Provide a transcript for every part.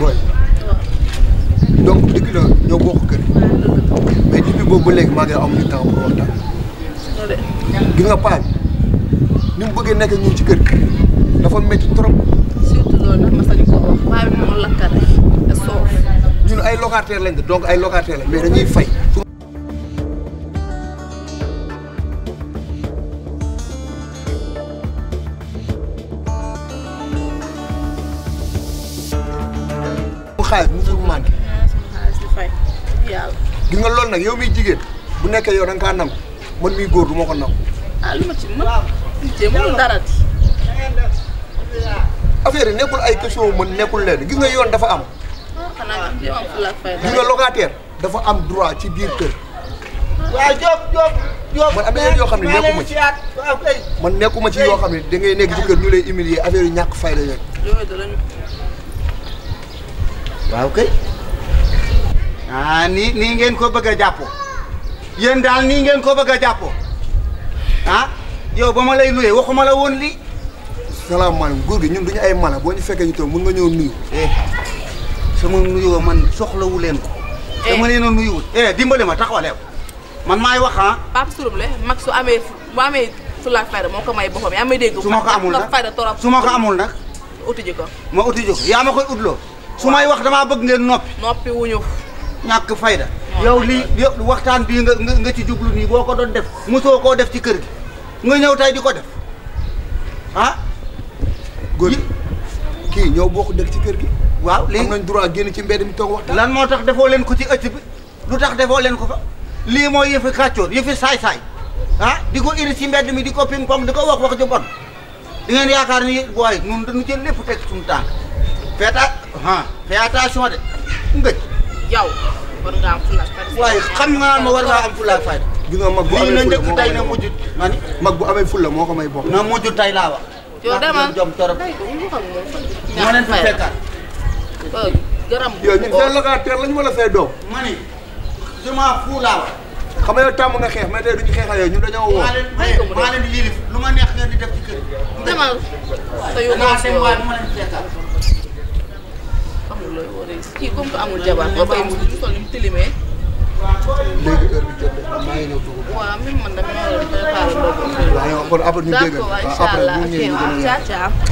booy donc dëgg la ñoo bokk kër mais depuis boobu ba léegi maa ngi amuñu temps pour waxtaan. nga paa ni mu bëggee nekk ñun ci kër dafa métti trop. surtout loolu nag ay locataire lañ donc ay locataire lañ mais dañuy fay. xaalis musul manqué. gis nga loolu nag yow miy jigéen bu nekkee yow da nga kaa nangu man miy góor du ma ko nangu. ah lu ma nekkul ay question mën nekkul leen gis nga yoon dafa am. Ah, gis nga dafa am droit ci biir kër. waaw man am na yoo xam ne nekkuma ci man nekkuma ci yoo xam ne da nekk ci kër ñu lay humilier affaire yu ñàkk fayda yooyu. waaw ah nii nii ngeen ko bëgg a jàppoo yéen daal nii ngeen ah yow ba ma lay luyee waxuma la woon lii. salaamaaleykum góor gi ñun duñu ay mala boo ñu fekkee ñu toog mën man soxlawu leen ko. dama leen a nuyuwul. dimbale ma taxawaleew man maay wax ah. Pape Souroulé mag su amee bu amee fulaak fayda moo ko may boppam yaa may dégg. su ma ko amul nag su ma ko amul nag. uti ji ko ma uti ji ko yaa su may wax damaa bëgg ngeen noppi. noppi wuñu. ñàkk fayda. yow lii yow waxtaan bii nga nga ci jublu nii boo ko def. mosoo koo def ci kër gi nga ñëw tey di def ah. góor kii ñëw bokk dëkk ci kër gi. waaw léegi am nañ droit génn ci mbedd mi toog waxtaan. lan moo tax defoo leen ko ci ëtt bi lu tax defoo ko fa lii mooy yëfi kàccoor yëfi saay-saay ah di ko iri ci mbedd mi di ko ping pong di ko wax wax ju bon di ngeen yaakaar ni booy ñun dañu jël lépp teg suñu tànk feetaat. fais attention de ngëj yow war nga am fulaak fayda waaye xam nga ma war ngaa am fulaak fayda gis nga mag bu amee fula moo ma ni mag bu moo ko may bopp na mujj tay laa wax yow demal jom torop moo leen fi fekkaat garam yow ñun teel la ma ni suma fuulaa xam nga yow tàmm nga xeex mais tey duñu xeexal yow ñun dañoo woo maa lu ma neex ngeen di pour looy waree kii comme que amul jabar ba koy mu sol ni mu tilimee. léegi heure bi jot na maa ngi ñëw dugub. waaw même man dama war a préparer ndogu. waaw yow kon après ñu dégg waaw ah, après ñu ñëwee ñu gën a yaatu.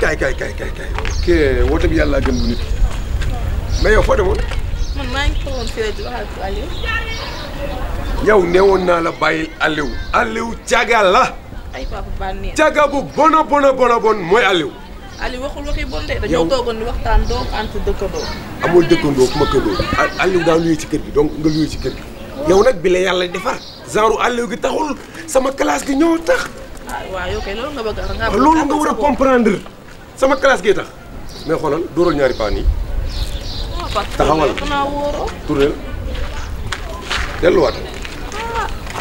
kay kay kay kay kay kii woote bi yàlla gën bu nit mais maa ngi toogoon fii naa la bàyyil Aliou. Aliou caga la. ay papa bànneex. caga bu bon a bon a bon a bon mooy Aliou. Aliou waxul waxi bon de. dañoo toogoon di waxtaan doom entre ci kër gi donc nga luyee ci kër nag bi la yàlla defar. genre Aliou gi taxul sama classe gi ñoo tax. ah waaw yow kay loolu nga a. loolu nga war a comprendre sama classe gi tax. mais xoolal dóoral ñaari paan yi. taxawal tournel delluwaat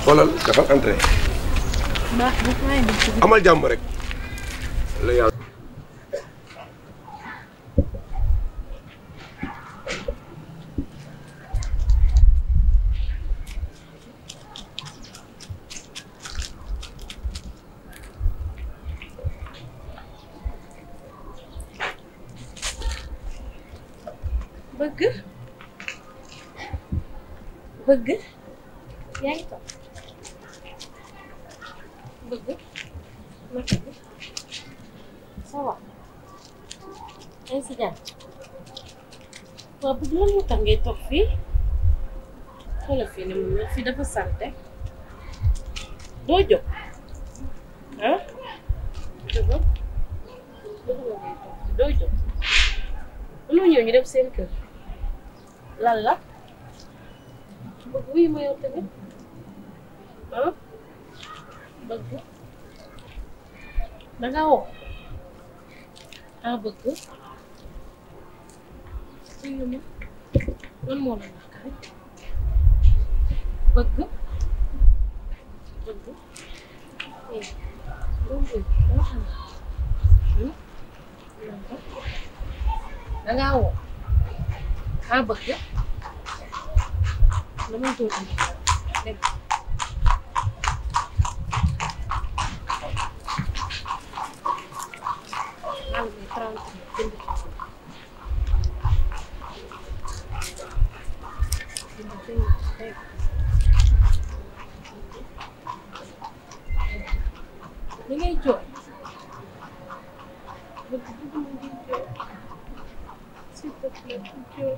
xoolal dafal entrée amal jàmb rek bëgg bëgg yaa ngi toog bëgg ma tëgg ça va ay si jàmm waaw bëgg lan moo tax ngay toog fii xoolal sante doo ah jógal bëgg nga ngay toog doo jóg mënoo ñëw ñu lan la bëgg wuy ma yow tamit ah bëgg da nga woo ah bëgg suñu ma lan moo la naqari bëgg bëgg eh doom bi dama xam da nga woo xaa n bëgg damay dóor bi dégg maa ngi trente jënd jënd jënd dégg li ngay jooy bëgg bëgg mu ngi jooy s'il te plaît jooy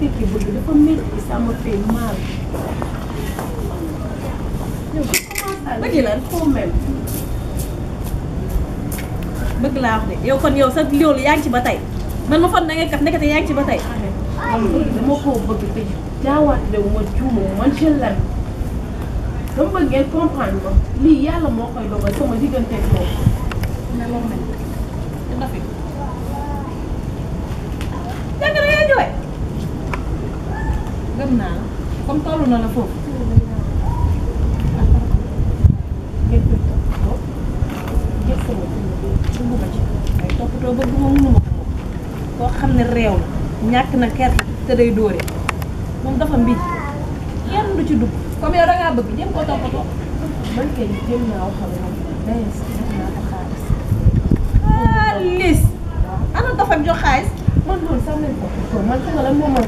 tekki bëgg dafa métti ça me fait mal. yow bu commencé bëgg lan foo même. bëgg laa wax de yow kon yow sa loolu yaa ngi ci ba tey man ma fan na nga kat nekkate yaa ngi ci ba tey. Ah, man loolu dama koo bëgg te jaawaat de ma juuma man ci lan. dama bëgg ngeen comprendre ma lii yàlla moo koy dogal sama digganteeg moom. na loo mel. gëm naa la comme na la foofu toppatoo ba guma mënu ma ko koo xam ne réew la ñàkk na kerta te day dóore moom dafa mbij kenn du ci dugg comme yow da ngaa bëgg jëm ko toppatoo man kay jëm naa waxal moom dayes ana dafa jox xaalis man loolu sax ko man nga lan moo ma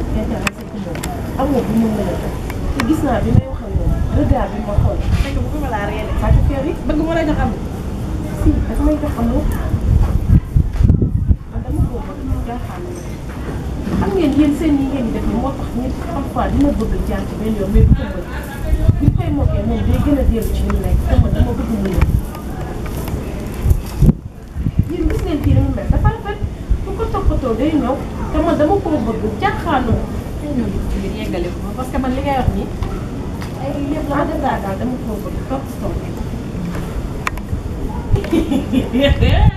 am na bu mu mën a def te gis naa bi may waxal moom regard bi ma xool. fekk bëgg ma laa reere. parce que yi bëgg ma la jox am. si daf may jox am man ah, dama ko bëgg jaaxaan xam ngeen yéen seen yi ngeen def moo tax nit parfois dina bëgg jaar ci benn yoon mais du ko bëgg bi koy mokkee moom day gën a dellu ci ñu nekk te man dama bëgg mu ñëw. yéen gis ngeen kii ni mu mel dafa rafet bu ko toppatoo day ñëw te man dama ko bëgg jaaxaanoo. ñoo ngi ci biir yeggale ko parce que man li ngay wax nii ay yëpp la ma def daal dama ko bëgg topp topp